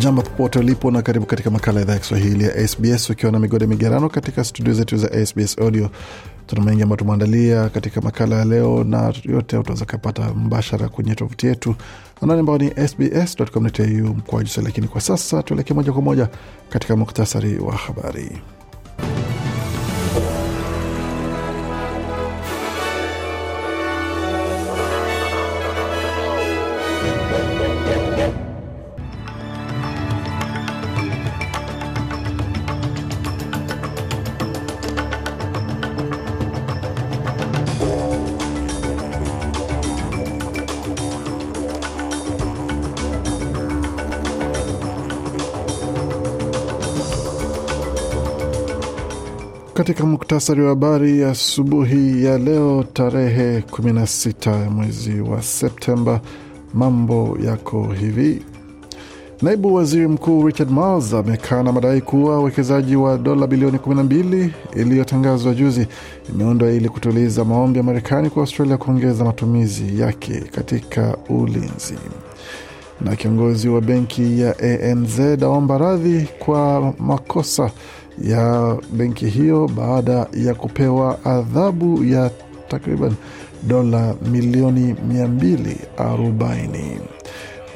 Jambo popote ulipo na karibu katika makala ya idhaa ya Kiswahili ya SBS ukiwa na migode migerano katika studio zetu za SBS Audio. Tuna mengi ambayo tumeandalia katika makala ya leo, na yote utaweza kupata mbashara kwenye tovuti yetu anani ambao ni sbs.com.au mkoaji. Lakini kwa sasa tuelekee moja kwa moja katika muktasari wa habari. katika muktasari wa habari asubuhi ya, ya leo tarehe 16 ya mwezi wa Septemba. Mambo yako hivi. Naibu waziri mkuu Richard Marles na madai kuwa uwekezaji wa dola bilioni 12 iliyotangazwa juzi imeundwa ili kutuliza maombi ya Marekani kwa Australia kuongeza matumizi yake katika ulinzi. Na kiongozi wa benki ya ANZ aomba radhi kwa makosa ya benki hiyo baada ya kupewa adhabu ya takriban dola milioni 240.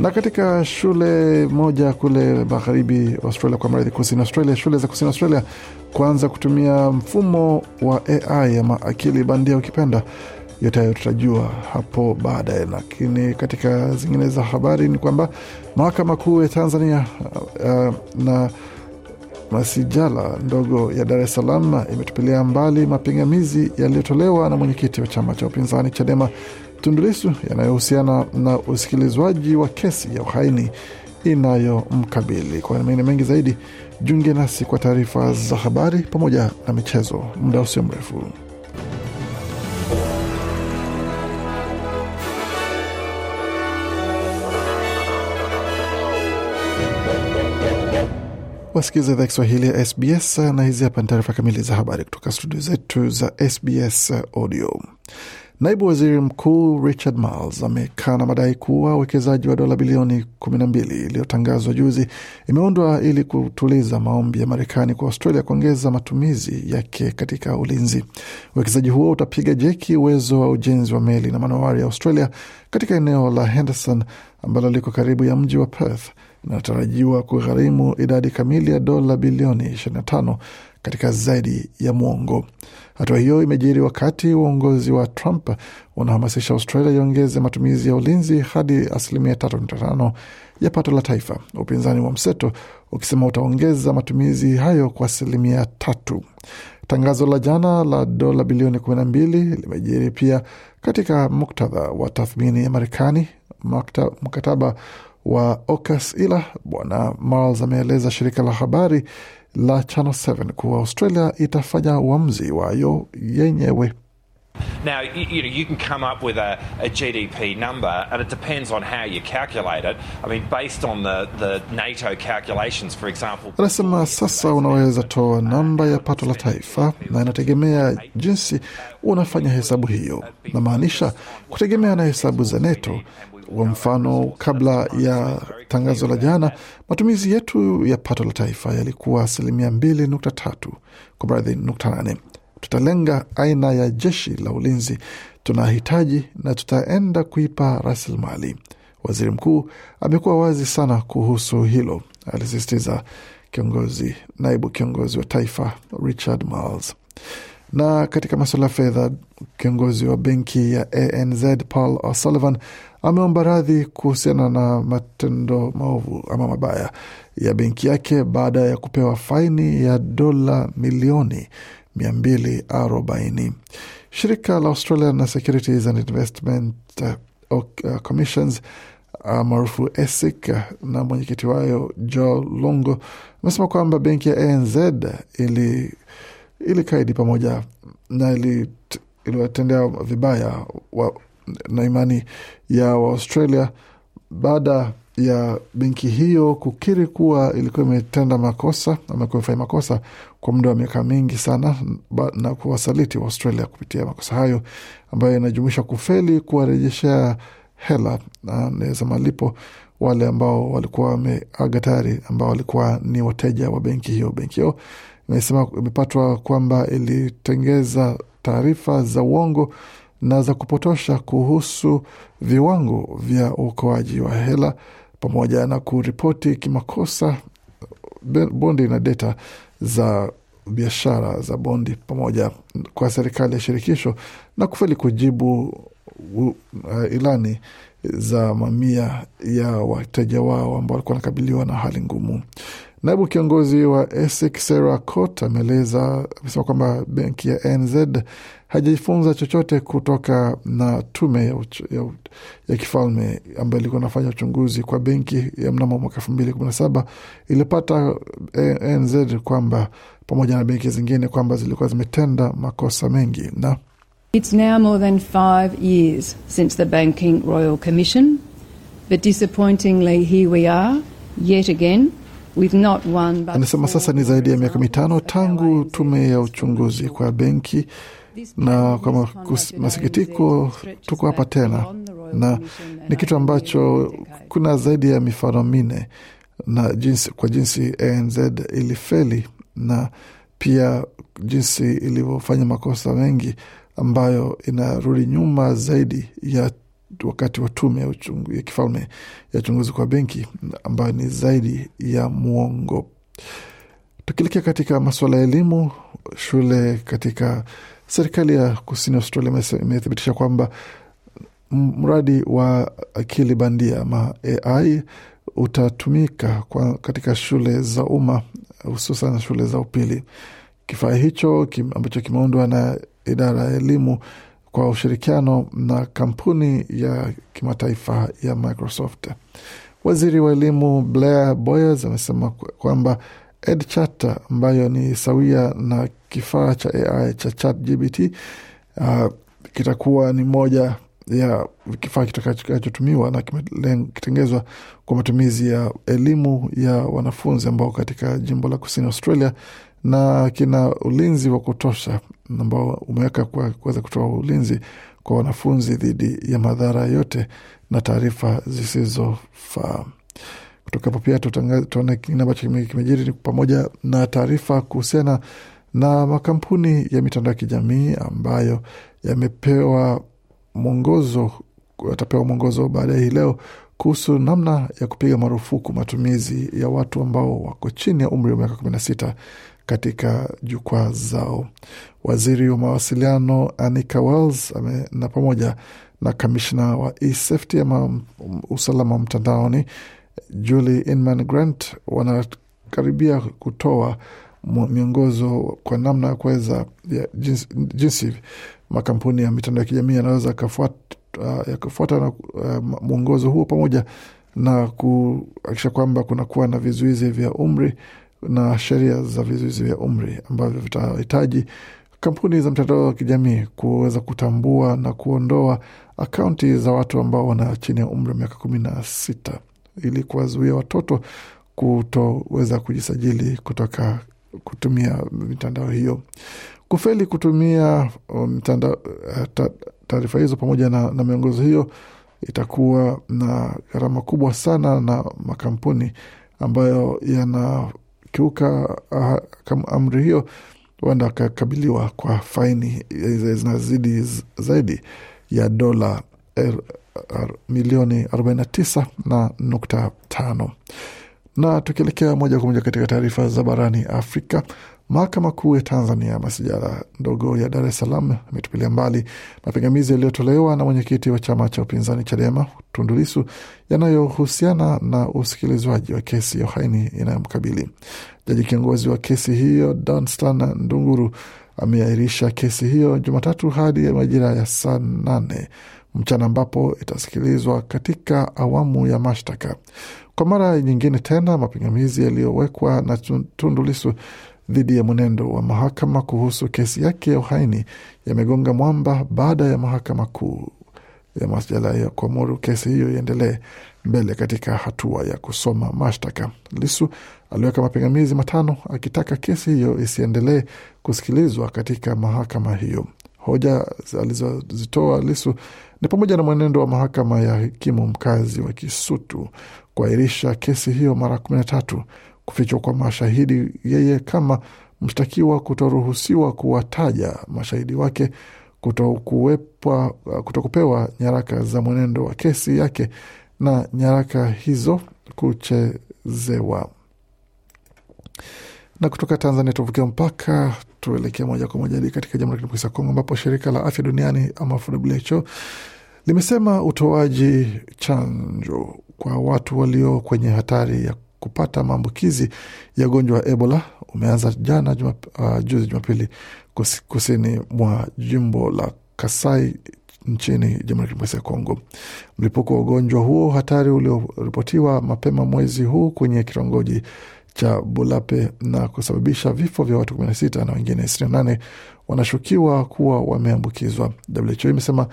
Na katika shule moja kule magharibi Australia, kwa maradhi kusini Australia, shule za kusini Australia kuanza kutumia mfumo wa AI ama akili bandia ukipenda. Yote hayo tutajua hapo baadaye, lakini katika zingine za habari ni kwamba mahakama kuu ya Tanzania uh, na Masijala ndogo ya Dar es Salaam imetupilia mbali mapingamizi yaliyotolewa na mwenyekiti wa chama cha upinzani Chadema tundulisu yanayohusiana na usikilizwaji wa kesi ya uhaini inayomkabili. Kwa mengine mengi zaidi, jiunge nasi kwa taarifa za habari pamoja na michezo muda usio mrefu. wasikiliza idhaa Kiswahili ya SBS na hizi hapa ni taarifa kamili za habari kutoka studio zetu za SBS Audio. Naibu waziri mkuu Richard Marles amekana madai kuwa uwekezaji wa dola bilioni 12 iliyotangazwa juzi imeundwa ili kutuliza maombi ya Marekani kwa Australia kuongeza matumizi yake katika ulinzi. Uwekezaji huo utapiga jeki uwezo wa ujenzi wa meli na manowari ya Australia katika eneo la Henderson ambalo liko karibu ya mji wa Perth inatarajiwa kugharimu idadi kamili ya dola bilioni 25 katika zaidi ya mwongo. Hatua hiyo imejiri wakati uongozi wa Trump unahamasisha Australia iongeze matumizi ya ulinzi hadi asilimia 3.5 ya pato la taifa, upinzani wa mseto ukisema utaongeza matumizi hayo kwa asilimia tatu. Tangazo la jana la dola bilioni 12 limejiri pia katika muktadha wa tathmini ya Marekani mkataba wa OCAS, ila Bwana Marles ameeleza shirika la habari la Channel 7 kuwa Australia itafanya uamuzi wayo yenyewe. Now, you, know, you can come up with a, a, GDP number, and it depends on how you calculate it. I mean, based on the, the NATO calculations, for example. Anasema sasa unaweza toa namba ya pato la taifa na inategemea jinsi unafanya hesabu hiyo. Namaanisha kutegemea na hesabu za NETO wa mfano, kabla ya tangazo la jana, matumizi yetu ya pato la taifa yalikuwa asilimia mbili nukta tatu kwa baradhi nukta nane. Tutalenga aina ya jeshi la ulinzi tunahitaji na tutaenda kuipa rasilimali. Waziri mkuu amekuwa wazi sana kuhusu hilo, alisisitiza kiongozi, naibu kiongozi wa taifa Richard Marles. Na katika masuala ya fedha, kiongozi wa benki ya ANZ Paul O'Sullivan ameomba radhi kuhusiana na matendo maovu ama mabaya ya benki yake baada ya kupewa faini ya dola milioni 240. Shirika la Australian na Securities and Investment uh, uh, Commissions uh, maarufu ASIC na mwenyekiti wayo Joe Longo amesema kwamba benki ya ANZ ili ili kaidi pamoja na iliwatendea vibaya wa, na imani ya Waaustralia baada ya benki hiyo kukiri kuwa ilikuwa imetenda makosa ama imefanya makosa kwa muda wa miaka mingi sana na kuwasaliti waustralia kupitia makosa hayo ambayo inajumuisha kufeli kuwarejeshea hela za malipo wale ambao walikuwa wameaga tayari ambao walikuwa ni wateja wa benki hiyo. Benki hiyo imesema imepatwa kwamba ilitengeza taarifa za uongo na za kupotosha kuhusu viwango vya uokoaji wa hela pamoja na kuripoti kimakosa bondi na deta za biashara za bondi pamoja kwa serikali ya shirikisho na kufeli kujibu uh, ilani za mamia ya wateja wao ambao walikuwa wanakabiliwa na hali ngumu. Naibu kiongozi wa ESIC Sarah Cot ameeleza amesema kwamba benki ya NZ hajajifunza chochote kutoka na tume ya, ya, ya kifalme ambayo ilikuwa inafanya uchunguzi kwa benki ya mnamo mwaka elfu mbili kumi na saba ilipata eh, NZ kwamba pamoja na benki zingine kwamba zilikuwa zimetenda makosa mengi na It's now more than five years since the Banking Royal Commission, but disappointingly here we are yet again Anasema sasa ni zaidi ya miaka mitano tangu tume ya uchunguzi kwa benki, na kwa masikitiko tuko hapa tena, na ni kitu ambacho kuna zaidi ya mifano minne na jinsi, kwa jinsi ANZ ilifeli na pia jinsi ilivyofanya makosa mengi ambayo inarudi nyuma zaidi ya wakati wa tume ya, ya kifalme ya uchunguzi kwa benki ambayo ni zaidi ya mwongo. Tukilekea katika masuala ya elimu, shule katika serikali ya kusini Australia imethibitisha kwamba mradi wa akili bandia ama AI utatumika kwa katika shule za umma hususan shule za upili. Kifaa hicho kim, ambacho kimeundwa na idara ya elimu kwa ushirikiano na kampuni ya kimataifa ya Microsoft. Waziri wa elimu Blair Boyers amesema kwamba EdChat ambayo ni sawia na kifaa cha AI cha ChatGPT uh, kitakuwa ni moja ya kifaa kitakachotumiwa na kitengezwa kwa matumizi ya elimu ya wanafunzi ambao katika jimbo la kusini Australia na kina ulinzi wa kutosha ambao umeweka kuweza kutoa ulinzi kwa wanafunzi dhidi ya madhara yote na taarifa zisizofaa. Kutoka hapo pia tuone kingine ambacho kimejiri ni pamoja na taarifa kuhusiana na makampuni ya mitandao ya kijamii ambayo yamepewa mwongozo, yatapewa mwongozo baadaye hii leo kuhusu namna ya kupiga marufuku matumizi ya watu ambao wako chini ya umri wa miaka kumi na sita katika jukwaa zao. Waziri wa mawasiliano Anika Wells ame, na pamoja na kamishna wa e-safety ama usalama wa mtandaoni Julie Inman Grant wanakaribia kutoa miongozo kwa namna ya kuweza jinsi, jinsi makampuni ya mitandao ya kijamii yanaweza yakafuata uh, uh mwongozo huo pamoja na kuhakikisha kwamba kunakuwa na vizuizi vya umri na sheria za vizuizi vya umri ambavyo vitahitaji kampuni za mtandao wa kijamii kuweza kutambua na kuondoa akaunti za watu ambao wana chini ya umri wa miaka kumi na sita ili kuwazuia watoto kutoweza kujisajili kutoka kutumia mitandao hiyo. Kufeli kutumia um, eh, taarifa hizo pamoja na, na miongozo hiyo itakuwa na gharama kubwa sana na makampuni ambayo yana wakiuka ah, amri hiyo huenda wakakabiliwa kwa faini eh, zinazidi zaidi ya dola er, er, milioni 49 na nukta tano. Na tukielekea moja kwa moja katika taarifa za barani Afrika, Mahakama Kuu ya Tanzania masijara ndogo ya Dar es Salaam ametupilia mbali mapingamizi yaliyotolewa na mwenyekiti wa chama cha upinzani Chadema tundulisu yanayohusiana na usikilizwaji wa kesi ya uhaini inayomkabili. Jaji kiongozi wa kesi hiyo Danstan Ndunguru ameahirisha kesi hiyo Jumatatu hadi majira ya saa nane mchana ambapo itasikilizwa katika awamu ya mashtaka. Kwa mara nyingine tena, mapingamizi yaliyowekwa na tundulisu dhidi ya mwenendo wa mahakama kuhusu kesi yake ya uhaini yamegonga mwamba baada ya mahakama kuu ya masjala ya kuamuru kesi hiyo iendelee mbele katika hatua ya kusoma mashtaka. Lisu aliweka mapingamizi matano akitaka kesi hiyo isiendelee kusikilizwa katika mahakama hiyo. Hoja alizozitoa Lisu ni pamoja na mwenendo wa mahakama ya hakimu mkazi wa Kisutu kuahirisha kesi hiyo mara kumi na tatu Kufichwa kwa mashahidi yeye kama mshtakiwa, kutoruhusiwa kuwataja mashahidi wake, kutokuwepa, uh, kutokupewa nyaraka za mwenendo wa kesi yake na nyaraka hizo kuchezewa. Na kutoka Tanzania tuvukia mpaka tuelekea moja kwa moja hadi katika Jamhuri ya Kidemokrasia ya Kongo ambapo shirika la afya duniani ama WHO limesema utoaji chanjo kwa watu walio kwenye hatari ya kupata maambukizi ya ugonjwa wa Ebola umeanza jana juma, uh, juzi Jumapili kusini mwa jimbo la Kasai nchini Jamhuri ya Kidemokrasia ya Kongo. Mlipuko wa ugonjwa huo hatari ulioripotiwa mapema mwezi huu kwenye kitongoji cha Bulape na kusababisha vifo vya watu 16 na wengine 28 wanashukiwa kuwa wameambukizwa. WHO imesema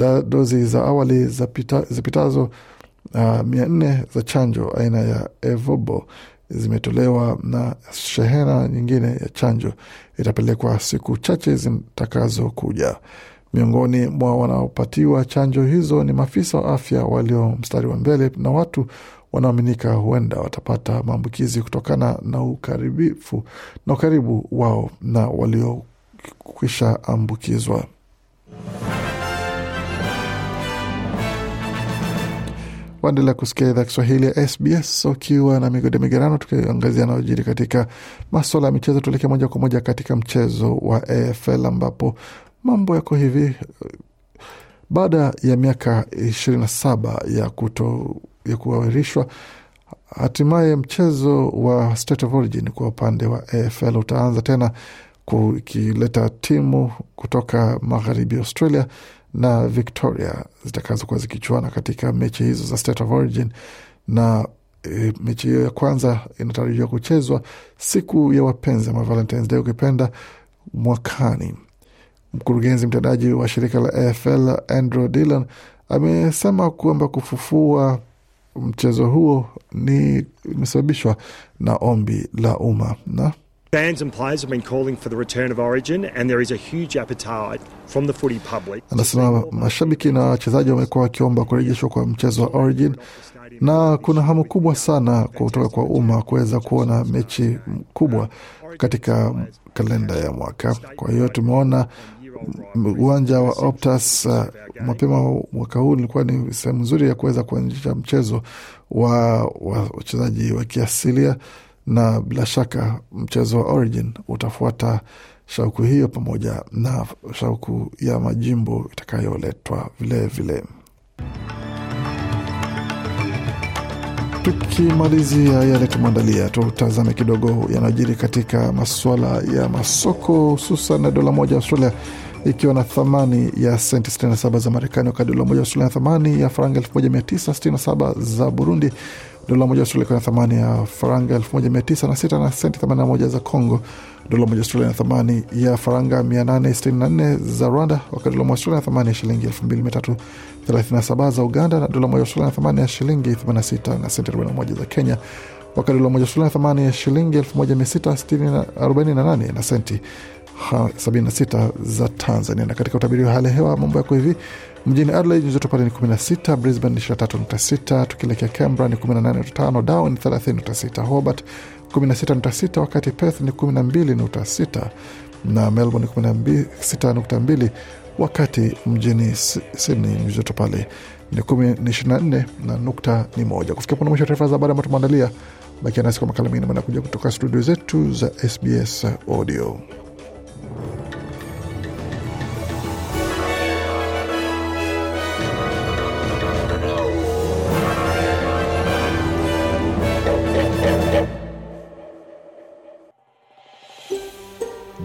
eh, dozi za awali zipitazo Ah, mia nne za chanjo aina ya Evobo zimetolewa na shehena nyingine ya chanjo itapelekwa siku chache zitakazokuja. Miongoni mwa wanaopatiwa chanjo hizo ni maafisa wa afya walio mstari wa mbele na watu wanaoaminika huenda watapata maambukizi kutokana na ukaribifu na ukaribu wao na waliokwisha ambukizwa. waendelea kusikia idhaa Kiswahili ya SBS ukiwa na migode migerano, tukiangazia yanayojiri katika maswala ya michezo. Tuelekee moja kwa moja katika mchezo wa AFL ambapo mambo yako hivi. Baada ya miaka ishirini na saba ya kuto ya kuahirishwa hatimaye mchezo wa State of Origin kwa upande wa AFL utaanza tena, ikileta timu kutoka magharibi Australia na Victoria zitakazokuwa zikichuana katika mechi hizo za State of Origin na e, mechi hiyo ya kwanza inatarajiwa kuchezwa siku ya wapenzi ama Valentine's Day ukipenda mwakani. Mkurugenzi mtendaji wa shirika la AFL Andrew Dillon amesema kwamba kufufua mchezo huo ni imesababishwa na ombi la umma na Fans and players have been calling for the return of Origin and there is a huge appetite from the footy public. Anasema mashabiki na wachezaji wamekuwa wakiomba kurejeshwa kwa mchezo wa Origin na kuna hamu kubwa sana kutoka kwa umma kuweza kuona mechi kubwa katika kalenda ya mwaka. Kwa hiyo tumeona uwanja wa Optus uh, mapema mwaka huu ulikuwa ni sehemu nzuri ya kuweza kuanzisha mchezo wa wachezaji wa, wa kiasilia na bila shaka mchezo wa Origin utafuata shauku hiyo pamoja na shauku ya majimbo itakayoletwa vilevile. Tukimalizia yale tumeandalia, tutazame kidogo yanayojiri katika masuala ya masoko, hususan dola moja ya Australia ikiwa na thamani ya senti 67 za Marekani, wakati dola moja ya Australia na thamani ya faranga 1967 za Burundi dola moja Australia ina thamani ya faranga 1906 na senti 81 za Congo, dola moja Australia na thamani ya faranga 864 za Rwanda, wakati dola moja Australia na thamani ya shilingi 2337 za Uganda, na dola moja Australia na thamani ya shilingi 86 na senti 41 za Kenya, wakati dola moja Australia na thamani ya shilingi 1648 na senti 76 za Tanzania. Na katika utabiri wa hali ya hewa mambo yako hivi Mjini Adelaide nyuzi joto pale ni 16, Brisbane ni 23.6, tukielekea Canberra ni 18.5, Darwin 30.6, Hobart 16.6, wakati Perth ni 12.6 na Melbourne 16.2, wakati mjini Sydney nyuzi joto pale ni 24 na nukta ni moja. Kufikia pona mwisho wa taarifa za habari ambayo tumeandalia. Bakia nasi kwa makala mengine manakuja kutoka studio zetu za SBS Audio.